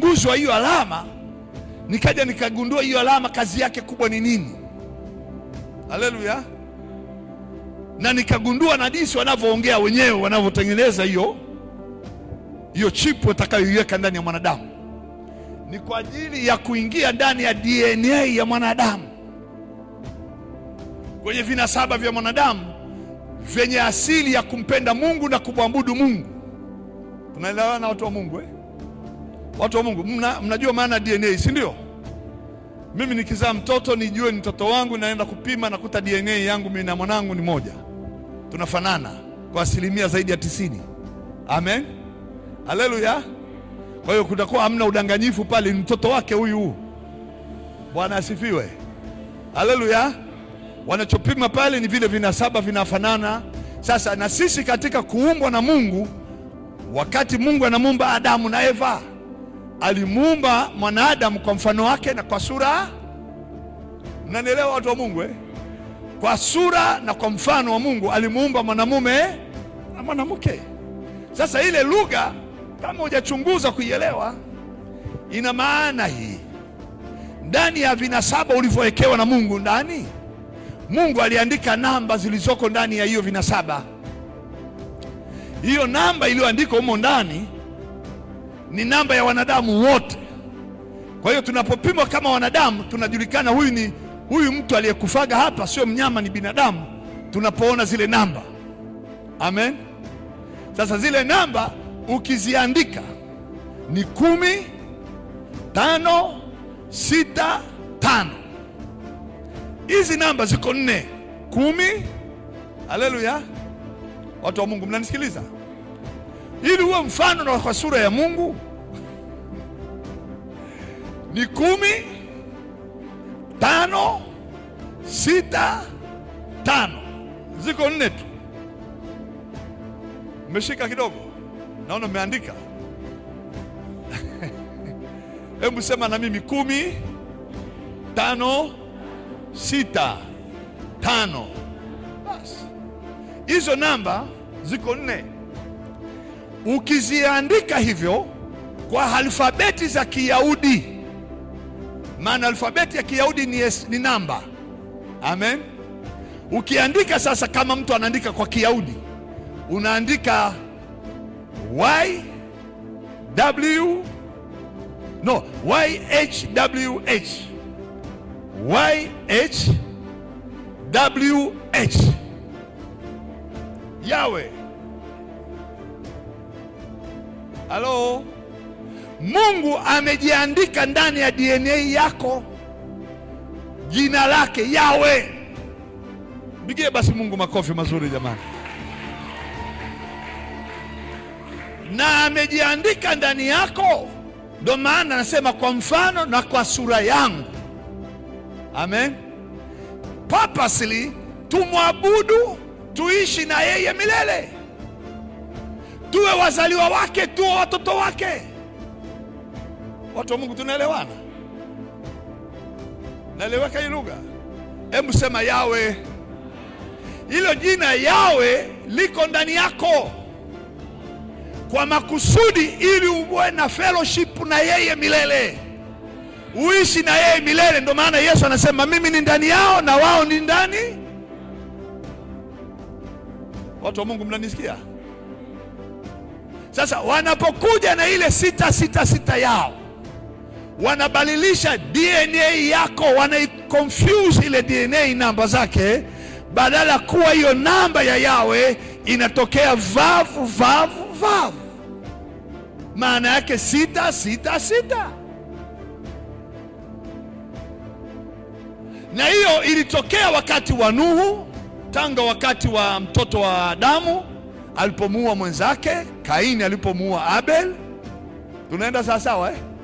Guzwa hiyo alama, nikaja nikagundua hiyo alama kazi yake kubwa ni nini. Haleluya! Na nikagundua na jinsi wanavyoongea wenyewe, wanavyotengeneza hiyo hiyo chipu watakayoiweka ndani ya mwanadamu ni kwa ajili ya kuingia ndani ya DNA ya mwanadamu, kwenye vinasaba vya mwanadamu vyenye asili ya kumpenda Mungu na kumwabudu Mungu. Tunaelewana watu wa Mungu eh? Watu wa Mungu, mna, mnajua maana DNA si ndio? Mimi nikizaa mtoto nijue ni mtoto wangu, naenda kupima nakuta DNA yangu mimi na mwanangu ni moja, tunafanana kwa asilimia zaidi ya tisini. Amen, haleluya. Kwa hiyo kutakuwa hamna udanganyifu pale, ni mtoto wake huyu. Bwana asifiwe, haleluya. Wanachopima pale ni vile vinasaba vinafanana. Sasa na sisi katika kuumbwa na Mungu, wakati Mungu anamuumba Adamu na Eva alimuumba mwanadamu kwa mfano wake na kwa sura. Mnanielewa watu wa Mungu eh? Kwa sura na kwa mfano wa Mungu alimuumba mwanamume na mwanamke. Sasa ile lugha kama hujachunguza kuielewa, ina maana hii ndani ya vinasaba ulivyowekewa na Mungu ndani. Mungu aliandika namba zilizoko ndani ya hiyo vinasaba. Hiyo namba iliyoandikwa humo ndani ni namba ya wanadamu wote. Kwa hiyo tunapopimwa kama wanadamu tunajulikana, huyu ni huyu mtu aliyekufaga hapa, sio mnyama, ni binadamu, tunapoona zile namba. Amen. Sasa zile namba ukiziandika ni kumi tano sita tano. Hizi namba ziko nne: kumi. Haleluya, watu wa Mungu, mnanisikiliza? ili uwe mfano na kwa sura ya Mungu ni kumi tano sita tano, ziko nne tu. Mmeshika kidogo, naona mmeandika. Hebu sema na mimi, kumi tano sita tano. Basi hizo namba ziko nne. Ukiziandika hivyo kwa alfabeti za Kiyahudi, maana alfabeti ya Kiyahudi ni, ni namba. Amen. Ukiandika sasa, kama mtu anaandika kwa Kiyahudi, unaandika y w no y h w h y h w h yawe Halo, Mungu amejiandika ndani ya DNA yako jina lake Yawe. Mpigie basi Mungu makofi mazuri jamani. Na amejiandika ndani yako, ndio maana anasema kwa mfano na kwa sura yangu. Amen. Purposely tumwabudu, tuishi na yeye milele tuwe wazaliwa wake, tuwe watoto wake. Watu wa Mungu, tunaelewana? Naeleweka hii lugha? Hebu sema Yawe. Hilo jina Yawe liko ndani yako kwa makusudi, ili uwe na fellowship na yeye milele, uishi na yeye milele. Ndio maana Yesu anasema mimi ni ndani yao na wao ni ndani. Watu wa Mungu, mnanisikia? Sasa wanapokuja na ile sita sita sita yao wanabadilisha DNA yako, wanaikonfuse ile DNA namba zake, badala kuwa hiyo namba ya Yawe inatokea vavu vavu vavu, maana yake sita sita sita. Na hiyo ilitokea wakati wa Nuhu, tanga wakati wa mtoto wa Adamu alipomuua mwenzake, Kaini alipomuua Abel. Tunaenda sawasawa eh?